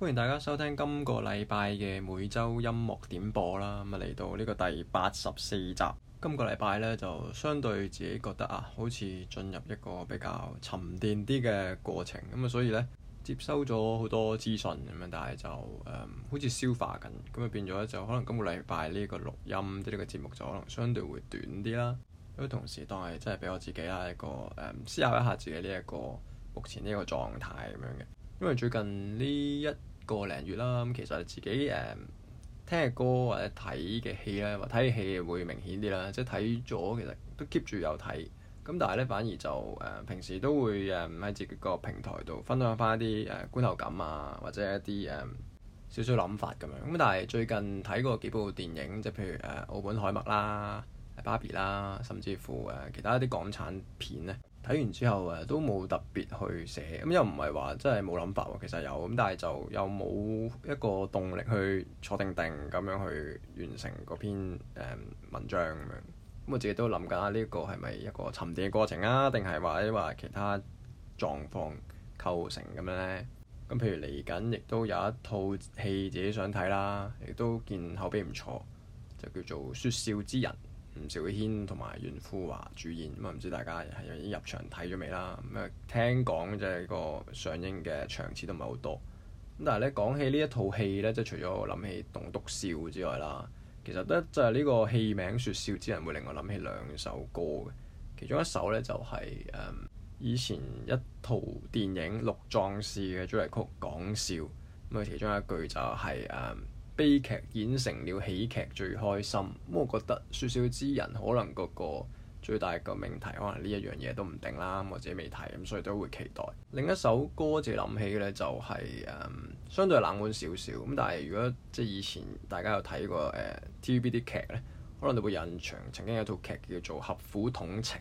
歡迎大家收聽今個禮拜嘅每周音樂點播啦，咁啊嚟到呢個第八十四集。今個禮拜呢就相對自己覺得啊，好似進入一個比較沉澱啲嘅過程，咁、嗯、啊所以呢，接收咗好多資訊咁啊，但係就誒、嗯、好似消化緊，咁、嗯、啊變咗就可能今個禮拜呢個錄音即呢個節目就可能相對會短啲啦。因為同時當係真係俾我自己啊一個誒思考一下自己呢、這、一個目前呢個狀態咁樣嘅，因為最近呢一。個零月啦，咁其實自己誒、嗯、聽嘅歌或者睇嘅戲咧，或睇戲會明顯啲啦。即係睇咗，其實都 keep 住有睇。咁但係咧，反而就誒、呃、平時都會誒喺、呃、自己個平台度分享翻一啲誒、呃、觀後感啊，或者一啲誒少少諗法咁樣。咁但係最近睇過幾部電影，即係譬如誒、呃《奧本海默》啦，《芭比》啦，甚至乎誒、呃、其他一啲港產片咧。睇完之後誒、啊、都冇特別去寫，咁、嗯、又唔係話真係冇諗法喎、啊，其實有，咁但係就又冇一個動力去坐定定咁樣去完成嗰篇誒、嗯、文章咁樣。咁、嗯、我自己都諗緊呢個係咪一個沉澱嘅過程啊？定係話或者話其他狀況構成咁樣咧？咁譬如嚟緊亦都有一套戲自己想睇啦，亦都見口碑唔錯，就叫做《説笑之人》。吳肇軒同埋袁富華主演，咁啊唔知大家係已經入場睇咗未啦？咁啊聽講就係個上映嘅場次都唔係好多。咁但係咧講起呢一套戲咧，即係除咗我諗起棟篤笑之外啦，其實咧就係、是、呢個戲名説笑之人會令我諗起兩首歌嘅。其中一首咧就係、是、誒、嗯、以前一套電影《六壯士》嘅主題曲《講笑》，咁、嗯、啊其中一句就係、是、誒。嗯悲劇演成了喜劇最開心，咁我覺得《説笑之人》可能嗰個最大嘅命題，可能呢一樣嘢都唔定啦，或者未睇，咁所以都會期待。另一首歌自己諗起嘅咧、就是，就係誒相對冷門少少，咁但係如果即係以前大家有睇過誒、呃、TVB 啲劇咧，可能你會印象曾經有套劇叫做《合府同情》，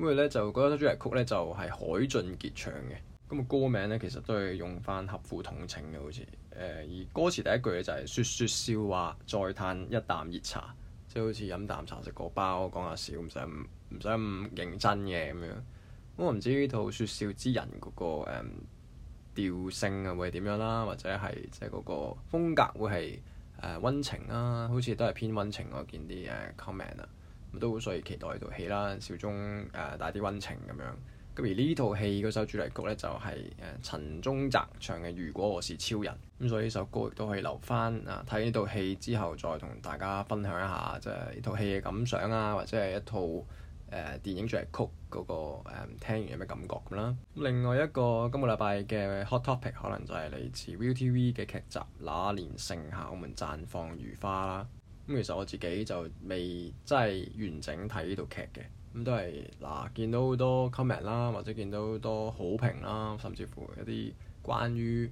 咁佢咧就嗰首主題曲咧就係海俊傑唱嘅。咁歌名咧其實都係用翻合乎同情嘅，好似誒、呃、而歌詞第一句就係説説笑話再嘆一啖熱茶，即係、就是、好似飲啖茶食個包講下笑，唔使唔使咁認真嘅咁樣。咁我唔知呢套説笑之人嗰、那個誒調、呃、性啊會係點樣啦，或者係即係嗰個風格會係誒、呃、溫情啦、啊，好似都係偏溫情。我見啲誒 comment 啊，都好所以期待呢套戲啦，笑中誒帶啲溫情咁樣。而呢套戲嗰首主題曲呢，就係誒陳宗澤唱嘅《如果我是超人》，咁所以呢首歌亦都可以留翻啊，睇呢套戲之後再同大家分享一下，即係呢套戲嘅感想啊，或者係一套誒電影主題曲嗰個誒聽完有咩感覺咁啦。另外一個今個禮拜嘅 Hot Topic 可能就係嚟自 ViuTV 嘅劇集《那年盛夏我們綻放如花》啦。咁其實我自己就未真係完整睇呢套劇嘅。咁、嗯、都係嗱、啊，見到好多 comment 啦，或者見到好多好評啦，甚至乎一啲關於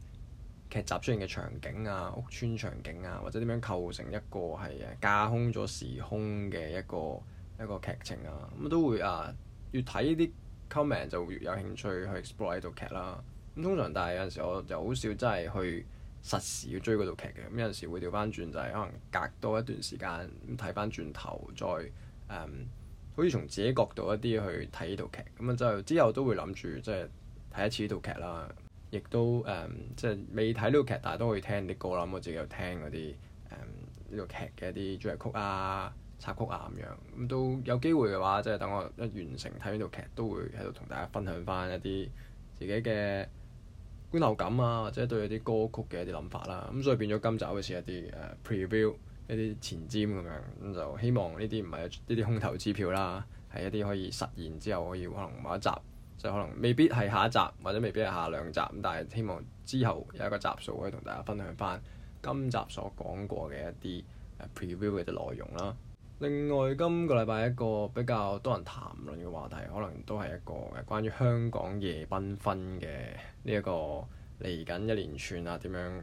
劇集出現嘅場景啊、屋村場景啊，或者點樣構成一個係啊、架空咗時空嘅一個一個劇情啊，咁、嗯、都會啊越睇呢啲 comment 就越有興趣去 explore 呢套劇啦。咁、嗯、通常但係有陣時我就好少真係去實時去追嗰套劇嘅，咁、嗯、有陣時會掉翻轉就係可能隔多一段時間咁睇翻轉頭再誒。嗯可以從自己角度一啲去睇呢套劇，咁啊之後之後都會諗住即係睇一次呢套劇啦。亦都誒即係未睇呢套劇，大家都可以聽啲歌啦。咁我自己有聽嗰啲誒呢套劇嘅一啲主題曲啊、插曲啊咁樣。咁都有機會嘅話，即係等我一完成睇呢套劇，都會喺度同大家分享翻一啲自己嘅觀後感啊，或者對一啲歌曲嘅一啲諗法啦。咁所以變咗今集會係一啲誒 preview。一啲前瞻咁樣，咁就希望呢啲唔係呢啲空頭支票啦，係一啲可以實現之後可以可能某一集，即係、可能未必係下一集，或者未必係下兩集，咁但係希望之後有一個集數可以同大家分享翻今集所講過嘅一啲 preview 嘅內容啦。另外，今個禮拜一個比較多人談論嘅話題，可能都係一個嘅關於香港夜繽紛嘅呢一個嚟緊一連串啊，點樣？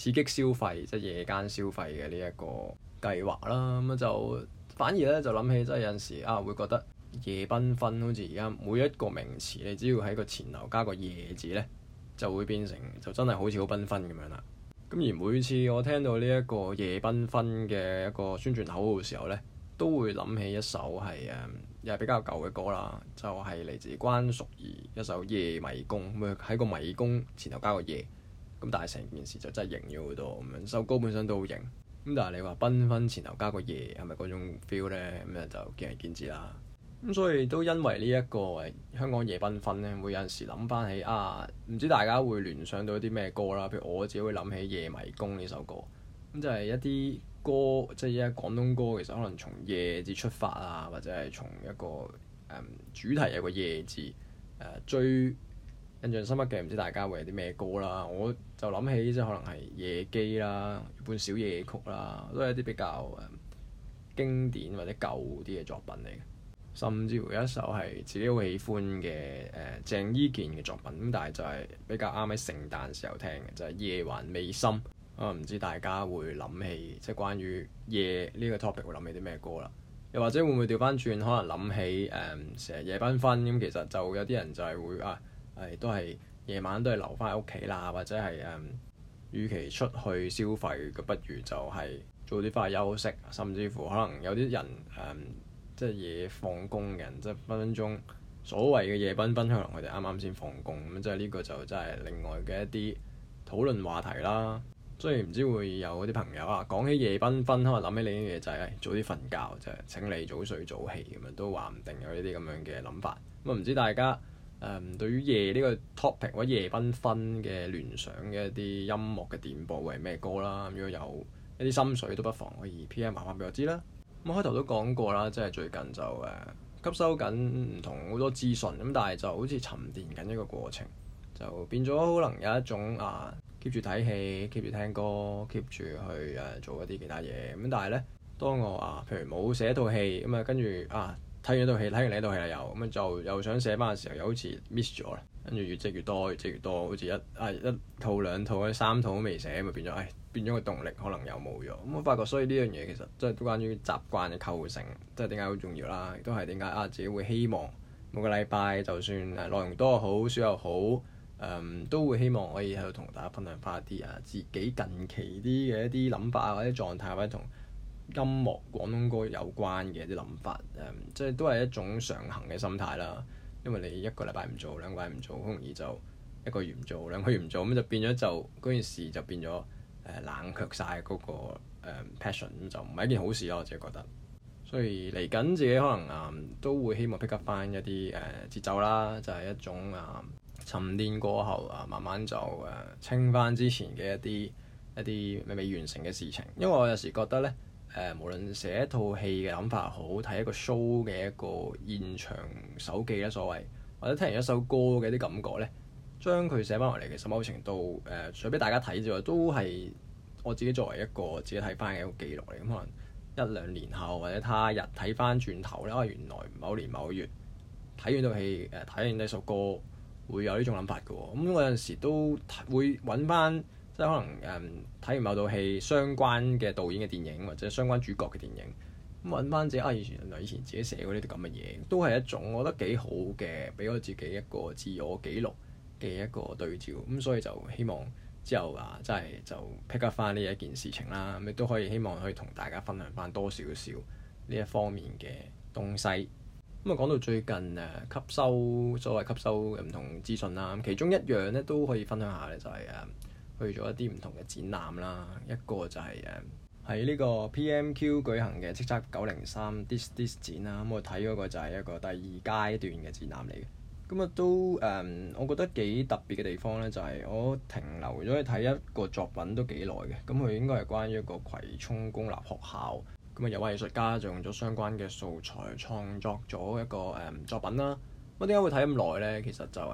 刺激消費即係夜間消費嘅呢一個計劃啦，咁就反而咧就諗起即係有陣時啊會覺得夜繽紛，好似而家每一個名詞你只要喺個前頭加個夜字咧，就會變成就真係好似好繽紛咁樣啦。咁而每次我聽到呢一個夜繽紛嘅一個宣傳口號嘅時候咧，都會諗起一首係誒、嗯、又係比較舊嘅歌啦，就係、是、嚟自關淑怡一首《夜迷宮》，咁喺個迷宮前頭加個夜。咁但係成件事就真係型咗好多咁樣，首歌本身都好型。咁但係你話《繽紛》前頭加個夜係咪嗰種 feel 呢？咁咧就見仁見智啦。咁所以都因為呢一個香港夜繽紛呢，會有陣時諗翻起啊，唔知大家會聯想到啲咩歌啦？譬如我自己會諗起《夜迷宮》呢首歌，咁就係一啲歌，即係而家廣東歌其實可能從夜字出發啊，或者係從一個、嗯、主題有個夜字誒追。呃最印象深刻嘅唔知大家會有啲咩歌啦，我就諗起即係可能係夜機啦，半小夜曲啦，都係一啲比較誒、嗯、經典或者舊啲嘅作品嚟嘅。甚至乎有一首係自己好喜歡嘅誒、呃、鄭伊健嘅作品，咁但係就係比較啱喺聖誕時候聽嘅，就係、是、夜還未深。啊、嗯，唔知大家會諗起即係關於夜呢個 topic 會諗起啲咩歌啦？又或者會唔會調翻轉，可能諗起誒成日夜班翻夜繽紛咁，其實就有啲人就係會啊～係都係夜晚都係留翻喺屋企啦，或者係誒，與、嗯、其出去消費嘅，不如就係早啲翻去休息。甚至乎可能有啲人誒、嗯，即係夜放工嘅人，即係分分鐘所謂嘅夜繽紛可能佢哋啱啱先放工咁，即係呢個就真係另外嘅一啲討論話題啦。雖然唔知會有啲朋友啊，講起夜繽紛可能諗起你啲嘢就係早啲瞓覺，就係請你早睡早起咁樣，都話唔定有呢啲咁樣嘅諗法。咁啊，唔知大家，誒、嗯，對於夜呢個 topic 或者夜繽紛嘅聯想嘅一啲音樂嘅點播，或者咩歌啦、嗯，如果有一啲心水，都不妨可以 PM，麻煩俾我知啦。咁開頭都講過啦，即係最近就誒、啊、吸收緊唔同好多資訊，咁但係就好似沉澱緊一個過程，就變咗可能有一種啊 keep 住睇戲，keep 住聽歌，keep 住去誒做一啲其他嘢。咁但係咧，當我啊，譬如冇寫一套戲咁啊，跟住啊。睇完呢套戲，睇完另一套戲又咁就又想寫翻嘅時候又好似 miss 咗啦。跟住越積越多，越積越多，好似一啊一套兩套，三套都未寫，咪變咗、哎，變咗個動力可能又冇咗。咁、嗯、我發覺，所以呢樣嘢其實都係關於習慣嘅構成，即係點解好重要啦。亦都係點解啊，自己會希望每個禮拜，就算內容多又好，少又好、嗯，都會希望可以喺度同大家分享翻一啲啊自己近期啲嘅一啲諗法啊，或者狀態或者同，音樂廣東歌有關嘅啲諗法，誒、嗯，即係都係一種上行嘅心態啦。因為你一個禮拜唔做，兩個禮拜唔做，好容易就一個月唔做，兩個月唔做，咁、嗯、就變咗就嗰件事就變咗誒、呃、冷卻晒、那個。嗰、嗯、個 passion，咁就唔係一件好事啦。我自己覺得，所以嚟緊自己可能啊都會希望 pick up 翻一啲誒、啊、節奏啦，就係、是、一種啊沉澱過後啊，慢慢就誒、啊、清翻之前嘅一啲一啲未未完成嘅事情。因為我有時覺得咧。誒、呃，無論寫一套戲嘅諗法好，睇一個 show 嘅一個現場手記咧，所謂或者聽完一首歌嘅啲感覺咧，將佢寫翻落嚟，其實某程度誒、呃，除俾大家睇之外，都係我自己作為一個自己睇翻嘅一個記錄嚟。咁、嗯、可能一兩年後或者他日睇翻轉頭咧，啊，原來某年某月睇完套戲誒，睇、呃、完呢首歌會有呢種諗法嘅喎。咁我有陣時都會揾翻。即係可能誒睇、嗯、完某部戲相關嘅導演嘅電影，或者相關主角嘅電影，咁揾翻自己啊，原來以前自己寫過呢啲咁嘅嘢，都係一種我覺得幾好嘅，俾我自己一個自我記錄嘅一個對照。咁所以就希望之後啊，真係就 pick up 翻呢一件事情啦。咁亦都可以希望可以同大家分享翻多少少呢一方面嘅東西。咁、嗯、啊，講到最近誒、啊、吸收所謂吸收唔同資訊啦，其中一樣咧都可以分享下咧，就係、是、誒。啊去咗一啲唔同嘅展覽啦，一個就係誒喺呢個 PMQ 舉行嘅叱咤九零三 This This 展啦，咁、嗯、我睇嗰個就係一個第二階段嘅展覽嚟嘅，咁、嗯、啊都誒、嗯，我覺得幾特別嘅地方呢，就係、是、我停留咗去睇一個作品都幾耐嘅，咁、嗯、佢應該係關於一個葵涌公立學校，咁、嗯、啊有位藝術家就用咗相關嘅素材創作咗一個誒、嗯、作品啦。我點解會睇咁耐呢？其實就誒，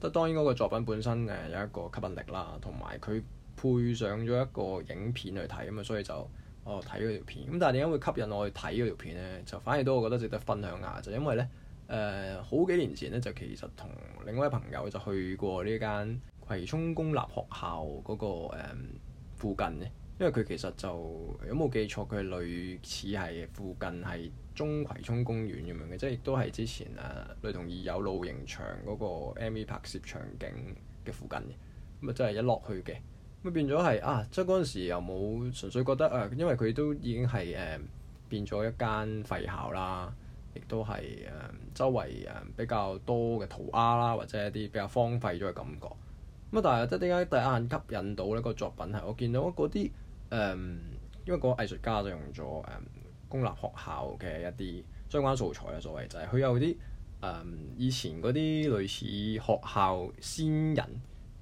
都、嗯、當然嗰個作品本身誒有一個吸引力啦，同埋佢配上咗一個影片去睇咁啊，所以就我睇嗰條片。咁但係點解會吸引我去睇嗰條片呢？就反而都我覺得值得分享下，就因為呢，誒、嗯、好幾年前呢，就其實同另外一朋友就去過呢間葵涌公立學校嗰、那個、嗯、附近嘅。因為佢其實就，有冇記錯，佢類似係附近係中葵涌公園咁樣嘅，即係亦都係之前誒類、呃、同《異友》露營場嗰個 MV 拍攝場景嘅附近嘅，咁啊即係一落去嘅，咁啊變咗係啊，即係嗰陣時又冇純粹覺得誒、啊，因為佢都已經係誒、呃、變咗一間廢校啦，亦都係誒、呃、周圍誒、呃、比較多嘅塗鴉啦，或者一啲比較荒廢咗嘅感覺，咁、嗯、啊但係即係點解第一眼吸引到呢、嗰個作品係我見到嗰啲？啊誒，um, 因為個藝術家就用咗誒、um, 公立學校嘅一啲相關素材作為就係佢有啲誒、um, 以前嗰啲類似學校先人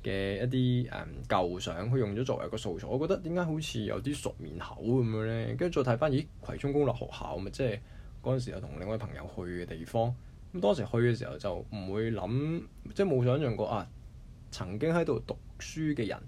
嘅一啲誒舊相，佢用咗作為一個素材。我覺得點解好似有啲熟面口咁樣咧？跟住再睇翻，咦？葵涌公立學校咪即係嗰陣時有同另外朋友去嘅地方。咁當時去嘅時候就唔會諗，即係冇想象過啊，曾經喺度讀書嘅人。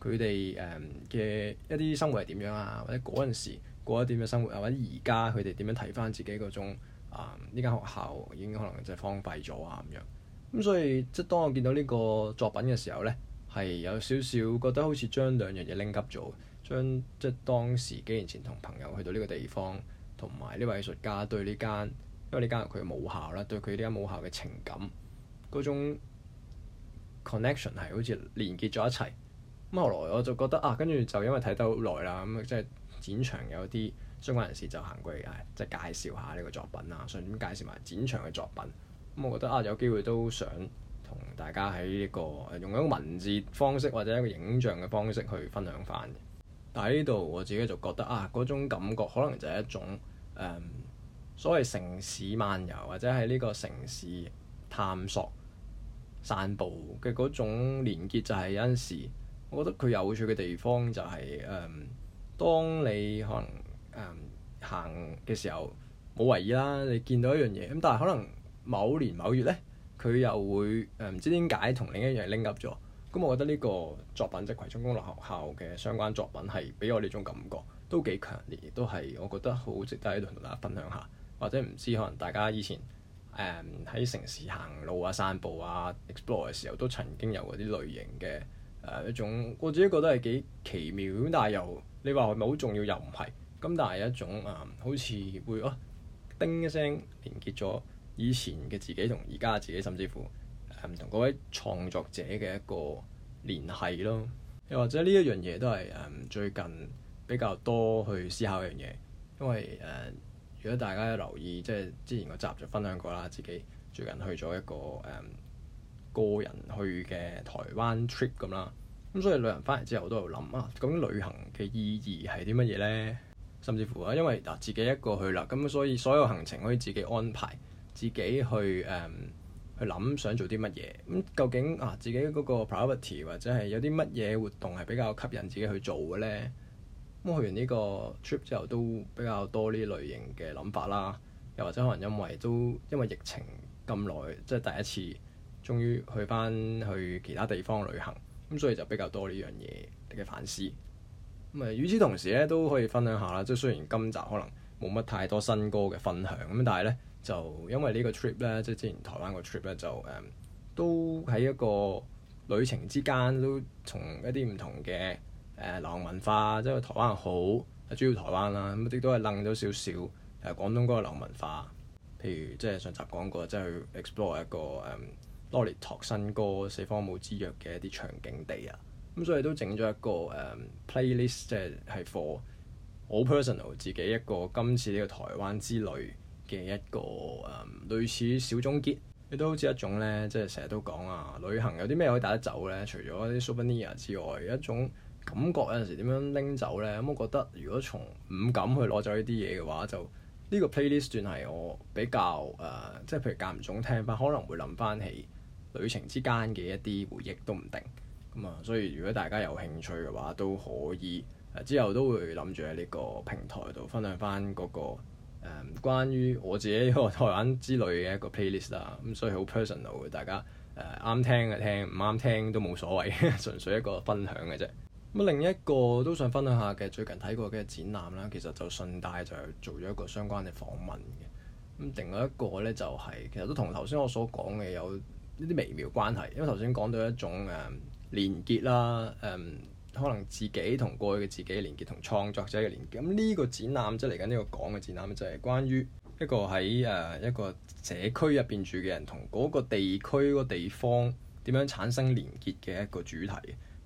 佢哋誒嘅一啲生活係點樣啊？或者嗰陣時過得點樣嘅生活啊，或者而家佢哋點樣睇翻自己嗰種啊？呢、嗯、間學校已經可能即係荒廢咗啊，咁樣咁，所以即係當我見到呢個作品嘅時候咧，係有少少覺得好似將兩樣嘢拎急咗，將即係當時幾年前同朋友去到呢個地方，同埋呢位藝術家對呢間因為呢間佢嘅母校啦，對佢呢間母校嘅情感嗰種 connection 係好似連結咗一齊。咁後來我就覺得啊，跟住就因為睇得好耐啦，咁即係展場有啲相關人士就行過嚟，即係介紹下呢個作品啊，順便介紹埋展場嘅作品。咁我覺得啊，有機會都想同大家喺呢個用一個文字方式或者一個影像嘅方式去分享翻。但係呢度我自己就覺得啊，嗰種感覺可能就係一種、嗯、所謂城市漫遊或者喺呢個城市探索散步嘅嗰種連結，就係有陣時。我覺得佢有趣嘅地方就係、是、誒、嗯，當你可能誒行嘅時候冇為意啦，你見到一樣嘢咁，但係可能某年某月咧，佢又會誒唔、嗯、知點解同另一樣 link up 咗。咁、嗯、我覺得呢個作品即葵涌公立學校嘅相關作品係俾我呢種感覺都幾強烈，亦都係我覺得好值得喺度同大家分享下。或者唔知可能大家以前誒喺、嗯、城市行路啊、散步啊、explore 嘅時候都曾經有嗰啲類型嘅。誒、啊、一種，我自己覺得係幾奇妙咁，但係又你話係咪好重要又唔係，咁但係一種啊，好似會啊，叮一聲連結咗以前嘅自己同而家自己，甚至乎唔同嗰位創作者嘅一個聯繫咯。又或者呢一樣嘢都係誒、啊、最近比較多去思考一樣嘢，因為誒、啊、如果大家有留意，即係之前個集就分享過啦，自己最近去咗一個誒。啊個人去嘅台灣 trip 咁啦，咁所以旅行翻嚟之後我都喺度諗啊。咁旅行嘅意義係啲乜嘢呢？甚至乎啊，因為嗱自己一個去啦，咁所以所有行程可以自己安排，自己去誒、嗯、去諗想、想做啲乜嘢。咁究竟啊，自己嗰個 priority 或者係有啲乜嘢活動係比較吸引自己去做嘅呢？咁去完呢個 trip 之後都比較多呢類型嘅諗法啦。又或者可能因為都因為疫情咁耐，即係第一次，終於去翻去其他地方旅行，咁所以就比較多呢樣嘢嘅反思。咁啊，與此同時咧，都可以分享下啦。即係雖然今集可能冇乜太多新歌嘅分享，咁但係咧就因為個呢個 trip 咧，即係之前台灣個 trip 咧，就誒、嗯、都喺一個旅程之間都從一啲唔同嘅誒、嗯、流行文化，即係台灣好主要台灣啦，咁、嗯、亦都係愣咗少少誒廣東嗰個流行文化，譬如即係上集講過，即係去 explore 一個誒。嗯 Lollipop 新歌《四方冇之約》嘅一啲場景地啊，咁所以都整咗一個誒、um, playlist，即係係 for 好 personal 自己一個今次呢個台灣之旅嘅一個誒、um, 類似小總結。亦都好似一種咧，即係成日都講啊，旅行有啲咩可以帶得走咧？除咗啲 souvenir 之外，一種感覺有陣時點樣拎走咧？咁、嗯、我覺得如果從五感去攞走呢啲嘢嘅話，就呢個 playlist 算係我比較誒、啊，即係譬如間唔中聽翻，可能會諗翻起。旅程之間嘅一啲回憶都唔定咁啊，所以如果大家有興趣嘅話，都可以、呃、之後都會諗住喺呢個平台度分享翻、那、嗰個誒、呃、關於我自己個台灣之旅嘅一個 playlist 啦。咁所以好 personal 嘅，大家啱、呃、聽嘅聽，唔啱聽都冇所謂， 純粹一個分享嘅啫。咁另一個都想分享下嘅最近睇過嘅展覽啦，其實就順帶就做咗一個相關嘅訪問嘅。咁另外一個呢，就係、是、其實都同頭先我所講嘅有。呢啲微妙關係，因為頭先講到一種誒、嗯、連結啦，誒、嗯、可能自己同過去嘅自己連結，同創作者嘅連結。咁呢個展覽即係嚟緊呢個講嘅展覽，就係關於一個喺誒、呃、一個社區入邊住嘅人，同嗰個地區個地方點樣產生連結嘅一個主題。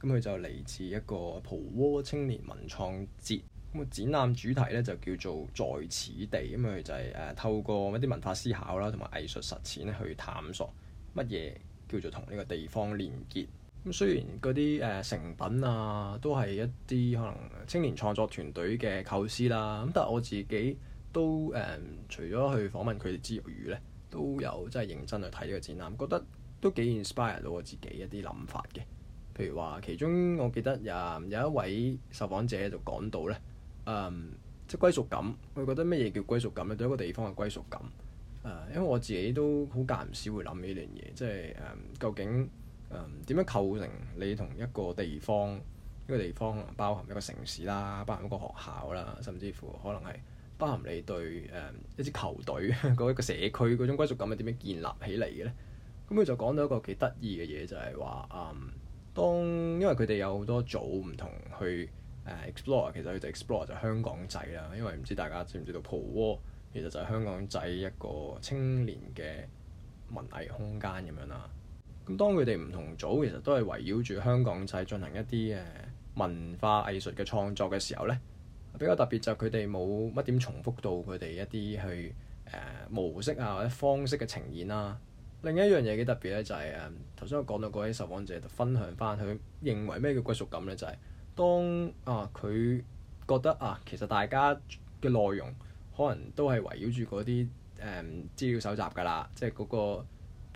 咁佢就嚟自一個蒲窩青年文創節。咁、個展覽主題呢，就叫做在此地，咁佢就係、是、誒、呃、透過一啲文化思考啦，同埋藝術實踐去探索，乜嘢叫做同呢個地方連結？咁雖然嗰啲誒成品啊，都係一啲可能青年創作團隊嘅構思啦。咁但係我自己都誒、嗯，除咗去訪問佢哋之餘呢，都有真係認真去睇呢個展覽，覺得都幾 inspire 到我自己一啲諗法嘅。譬如話，其中我記得有一位受訪者就講到呢，嗯，即係歸屬感。佢覺得乜嘢叫歸屬感呢？對一個地方嘅歸屬感。誒，因為我自己都好間唔少會諗呢樣嘢，即係誒究竟誒點、嗯、樣構成你同一個地方？一個地方可能包含一個城市啦，包含一個學校啦，甚至乎可能係包含你對誒、嗯、一支球隊、呵呵一個社區嗰種歸屬感係點樣建立起嚟嘅呢？咁、嗯、佢就講到一個幾得意嘅嘢，就係話誒，當因為佢哋有好多組唔同去誒、呃、explore，其實佢哋 explore 就，explore，就香港仔啦，因為唔知大家知唔知道蒲其實就係香港仔一個青年嘅文藝空間咁樣啦、啊。咁當佢哋唔同組，其實都係圍繞住香港仔進行一啲誒文化藝術嘅創作嘅時候呢，比較特別就係佢哋冇乜點重複到佢哋一啲去、呃、模式啊或者方式嘅呈現啦、啊。另一樣嘢幾特別呢、就係，就係誒頭先我講到嗰位受訪者就分享翻佢認為咩叫歸屬感呢，就係、係、當啊佢覺得啊其實大家嘅內容。可能都係圍繞住嗰啲誒資料搜集㗎啦，即係嗰個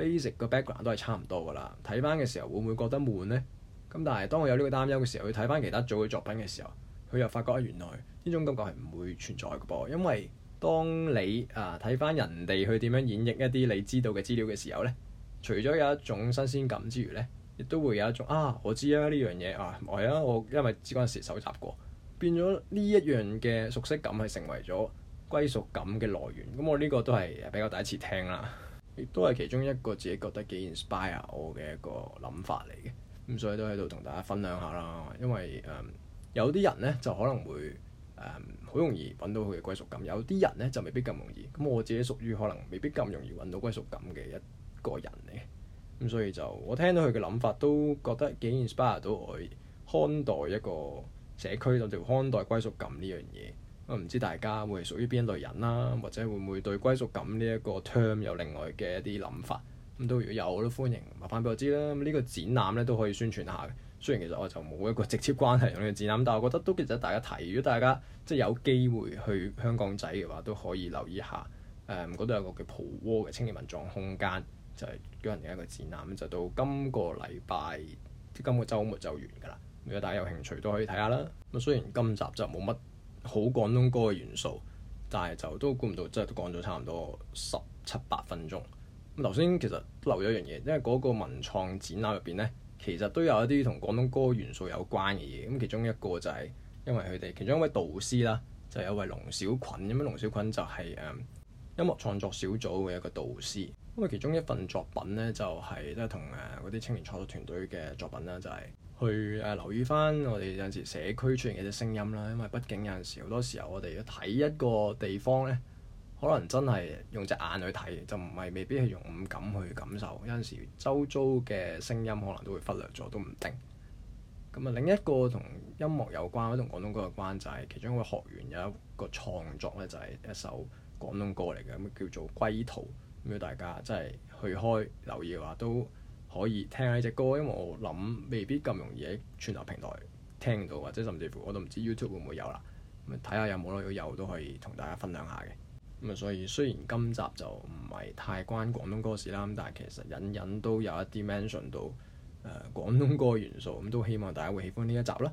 basic 個 background 都係差唔多㗎啦。睇翻嘅時候會唔會覺得悶呢？咁但係當我有呢個擔憂嘅時候，去睇翻其他組嘅作品嘅時候，佢又發覺原來呢種感覺係唔會存在嘅噃。因為當你啊睇翻人哋去點樣演繹一啲你知道嘅資料嘅時候呢，除咗有一種新鮮感之餘呢，亦都會有一種啊我知啊呢樣嘢啊，係啊我因為嗰陣時搜集過，變咗呢一樣嘅熟悉感係成為咗。歸屬感嘅來源，咁我呢個都係比較第一次聽啦，亦都係其中一個自己覺得幾 inspire 我嘅一個諗法嚟嘅。咁所以都喺度同大家分享下啦，因為誒、嗯、有啲人呢就可能會誒好、嗯、容易揾到佢嘅歸屬感，有啲人呢就未必咁容易。咁我自己屬於可能未必咁容易揾到歸屬感嘅一個人嚟嘅。咁所以就我聽到佢嘅諗法都覺得幾 inspire 到我看待一個社區，甚至乎看待歸屬感呢樣嘢。我唔知大家會屬於邊一類人啦、啊，或者會唔會對歸屬感呢一個 term 有另外嘅一啲諗法，咁都有我都歡迎麻煩俾我知啦。咁呢個展覽咧都可以宣傳下嘅。雖然其實我就冇一個直接關係呢個展覽，但係我覺得都值得大家睇，如果大家即係有機會去香港仔嘅話，都可以留意下。誒、嗯，嗰度有個叫蒲窩嘅青年文創空間，就係、是、舉人嘅一個展覽，就到今個禮拜，即今個周末就完㗎啦。如果大家有興趣都可以睇下啦。咁雖然今集就冇乜。好廣東歌嘅元素，但係就都估唔到，真係講咗差唔多十七八分鐘。咁頭先其實留咗一樣嘢，因為嗰個文創展覽入邊呢，其實都有一啲同廣東歌元素有關嘅嘢。咁其中一個就係因為佢哋其中一位導師啦，就有、是、一位龍小菌。咁樣龍小菌就係、是、誒、嗯、音樂創作小組嘅一個導師。咁啊，其中一份作品呢，就係即係同誒嗰啲青年創作團隊嘅作品啦，就係、是。去誒、呃、留意翻我哋有陣時社區出現嘅啲聲音啦，因為畢竟有陣時好多時候我哋要睇一個地方咧，可能真係用隻眼去睇，就唔係未必係用五感去感受。有陣時周遭嘅聲音可能都會忽略咗，都唔定。咁啊，另一個同音樂有關，同廣東歌有關就係、是、其中一個學員有一個創作咧，就係、是、一首廣東歌嚟嘅，咁叫做《歸途》。咁啊，大家真係去開留意嘅話都。可以聽下呢隻歌，因為我諗未必咁容易喺串流平台聽到，或者甚至乎我都唔知 YouTube 會唔會有啦。咁睇下有冇咯，如果有都可以同大家分享下嘅。咁啊，所以雖然今集就唔係太關廣東歌事啦，咁但係其實隱隱都有一啲 mention 到誒、呃、廣東歌元素。咁都希望大家會喜歡呢一集啦。